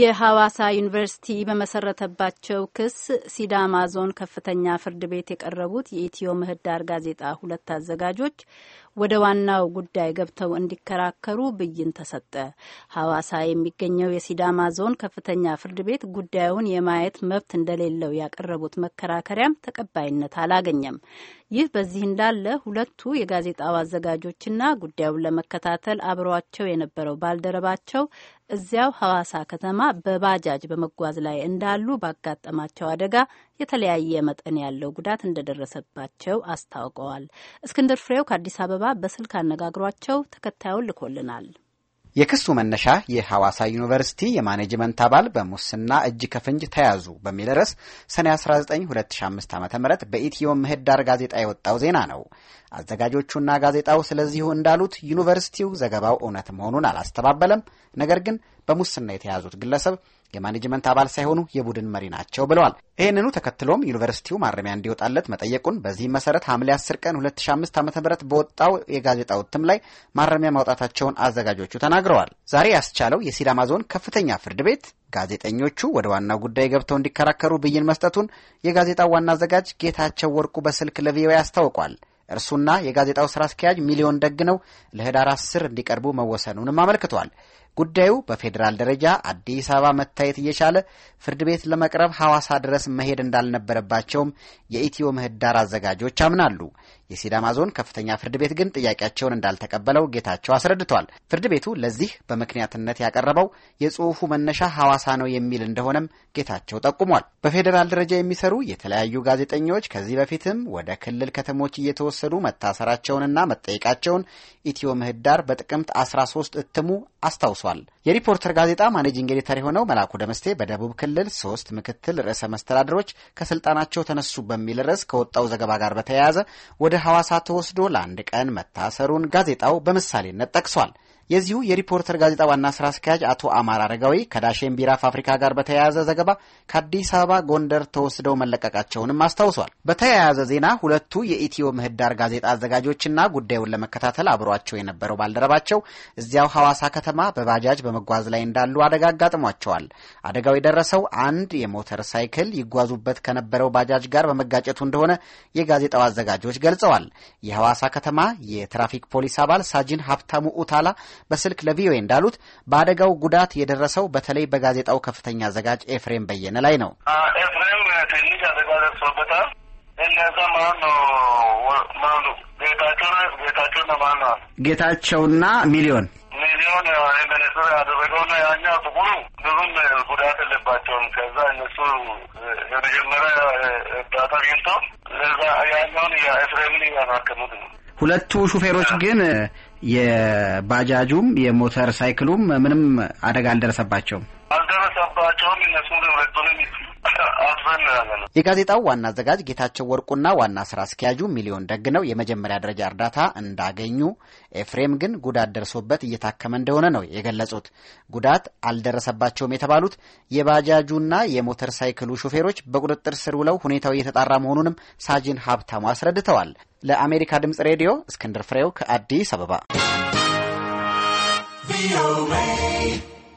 የሐዋሳ ዩኒቨርሲቲ በመሰረተባቸው ክስ ሲዳማ ዞን ከፍተኛ ፍርድ ቤት የቀረቡት የኢትዮ ምህዳር ጋዜጣ ሁለት አዘጋጆች ወደ ዋናው ጉዳይ ገብተው እንዲከራከሩ ብይን ተሰጠ። ሐዋሳ የሚገኘው የሲዳማ ዞን ከፍተኛ ፍርድ ቤት ጉዳዩን የማየት መብት እንደሌለው ያቀረቡት መከራከሪያም ተቀባይነት አላገኘም። ይህ በዚህ እንዳለ ሁለቱ የጋዜጣው አዘጋጆችና ጉዳዩን ለመከታተል አብሯቸው የነበረው ባልደረባቸው እዚያው ሐዋሳ ከተማ በባጃጅ በመጓዝ ላይ እንዳሉ ባጋጠማቸው አደጋ የተለያየ መጠን ያለው ጉዳት እንደደረሰባቸው አስታውቀዋል። እስክንድር ፍሬው ከአዲስ አበባ ዘገባ በስልክ አነጋግሯቸው ተከታዩን ልኮልናል። የክሱ መነሻ የሐዋሳ ዩኒቨርሲቲ የማኔጅመንት አባል በሙስና እጅ ከፍንጅ ተያዙ በሚል ርዕስ ሰኔ 19 2005 ዓ ም በኢትዮ ምህዳር ጋዜጣ የወጣው ዜና ነው። አዘጋጆቹና ጋዜጣው ስለዚሁ እንዳሉት ዩኒቨርሲቲው ዘገባው እውነት መሆኑን አላስተባበለም። ነገር ግን በሙስና የተያዙት ግለሰብ የማኔጅመንት አባል ሳይሆኑ የቡድን መሪ ናቸው ብለዋል። ይህንኑ ተከትሎም ዩኒቨርሲቲው ማረሚያ እንዲወጣለት መጠየቁን በዚህም መሰረት ሐምሌ 10 ቀን 2005 ዓ ም በወጣው የጋዜጣ ውትም ላይ ማረሚያ ማውጣታቸውን አዘጋጆቹ ተናግረዋል። ዛሬ ያስቻለው የሲዳማ ዞን ከፍተኛ ፍርድ ቤት ጋዜጠኞቹ ወደ ዋናው ጉዳይ ገብተው እንዲከራከሩ ብይን መስጠቱን የጋዜጣው ዋና አዘጋጅ ጌታቸው ወርቁ በስልክ ለቪኦኤ አስታውቋል። እርሱና የጋዜጣው ስራ አስኪያጅ ሚሊዮን ደግነው ለህዳር አስር እንዲቀርቡ መወሰኑንም አመልክቷል። ጉዳዩ በፌዴራል ደረጃ አዲስ አበባ መታየት እየቻለ ፍርድ ቤት ለመቅረብ ሐዋሳ ድረስ መሄድ እንዳልነበረባቸውም የኢትዮ ምህዳር አዘጋጆች አምናሉ። የሲዳማ ዞን ከፍተኛ ፍርድ ቤት ግን ጥያቄያቸውን እንዳልተቀበለው ጌታቸው አስረድቷል። ፍርድ ቤቱ ለዚህ በምክንያትነት ያቀረበው የጽሑፉ መነሻ ሐዋሳ ነው የሚል እንደሆነም ጌታቸው ጠቁሟል። በፌዴራል ደረጃ የሚሰሩ የተለያዩ ጋዜጠኞች ከዚህ በፊትም ወደ ክልል ከተሞች እየተወሰዱ መታሰራቸውንና መጠየቃቸውን ኢትዮ ምህዳር በጥቅምት 13 እትሙ አስታውሷል። ጠቅሷል። የሪፖርተር ጋዜጣ ማኔጂንግ ኤዲተር የሆነው መላኩ ደመስቴ በደቡብ ክልል ሶስት ምክትል ርዕሰ መስተዳድሮች ከስልጣናቸው ተነሱ በሚል ርዕስ ከወጣው ዘገባ ጋር በተያያዘ ወደ ሐዋሳ ተወስዶ ለአንድ ቀን መታሰሩን ጋዜጣው በምሳሌነት ጠቅሷል። የዚሁ የሪፖርተር ጋዜጣ ዋና ስራ አስኪያጅ አቶ አማር አረጋዊ ከዳሽን ቢራ ፋብሪካ ጋር በተያያዘ ዘገባ ከአዲስ አበባ ጎንደር ተወስደው መለቀቃቸውንም አስታውሷል። በተያያዘ ዜና ሁለቱ የኢትዮ ምህዳር ጋዜጣ አዘጋጆችና ጉዳዩን ለመከታተል አብሯቸው የነበረው ባልደረባቸው እዚያው ሐዋሳ ከተማ በባጃጅ በመጓዝ ላይ እንዳሉ አደጋ አጋጥሟቸዋል። አደጋው የደረሰው አንድ የሞተር ሳይክል ይጓዙበት ከነበረው ባጃጅ ጋር በመጋጨቱ እንደሆነ የጋዜጣው አዘጋጆች ገልጸዋል። የሐዋሳ ከተማ የትራፊክ ፖሊስ አባል ሳጅን ሀብታሙ ኡታላ በስልክ ለቪኦኤ እንዳሉት በአደጋው ጉዳት የደረሰው በተለይ በጋዜጣው ከፍተኛ አዘጋጅ ኤፍሬም በየነ ላይ ነው። ኤፍሬም ትንሽ አደጋ ደርሶበታል። እነዛ ማን ነው ማኑ ጌታቸውና ማን ነው ጌታቸውና ሚሊዮን ሚሊዮን የሆነ ሚኒስትር ያደረገው ነው። ያኛ ጥቁሩ ብዙም ጉዳት የለባቸውም። ከዛ እነሱ የመጀመሪያ እርዳታ አግኝተው ለዛ ያኛውን ኤፍሬምን እያሳከሙት ነው። ሁለቱ ሹፌሮች ግን የባጃጁም የሞተር ሳይክሉም ምንም አደጋ አልደረሰባቸውም። ሁለቱንም ያለ የጋዜጣው ዋና አዘጋጅ ጌታቸው ወርቁና ዋና ስራ አስኪያጁ ሚሊዮን ደግነው የመጀመሪያ ደረጃ እርዳታ እንዳገኙ፣ ኤፍሬም ግን ጉዳት ደርሶበት እየታከመ እንደሆነ ነው የገለጹት። ጉዳት አልደረሰባቸውም የተባሉት የባጃጁና የሞተር ሳይክሉ ሾፌሮች በቁጥጥር ስር ውለው ሁኔታው እየተጣራ መሆኑንም ሳጅን ሀብታሙ አስረድተዋል። ለአሜሪካ ድምጽ ሬዲዮ እስክንድር ፍሬው ከአዲስ አበባ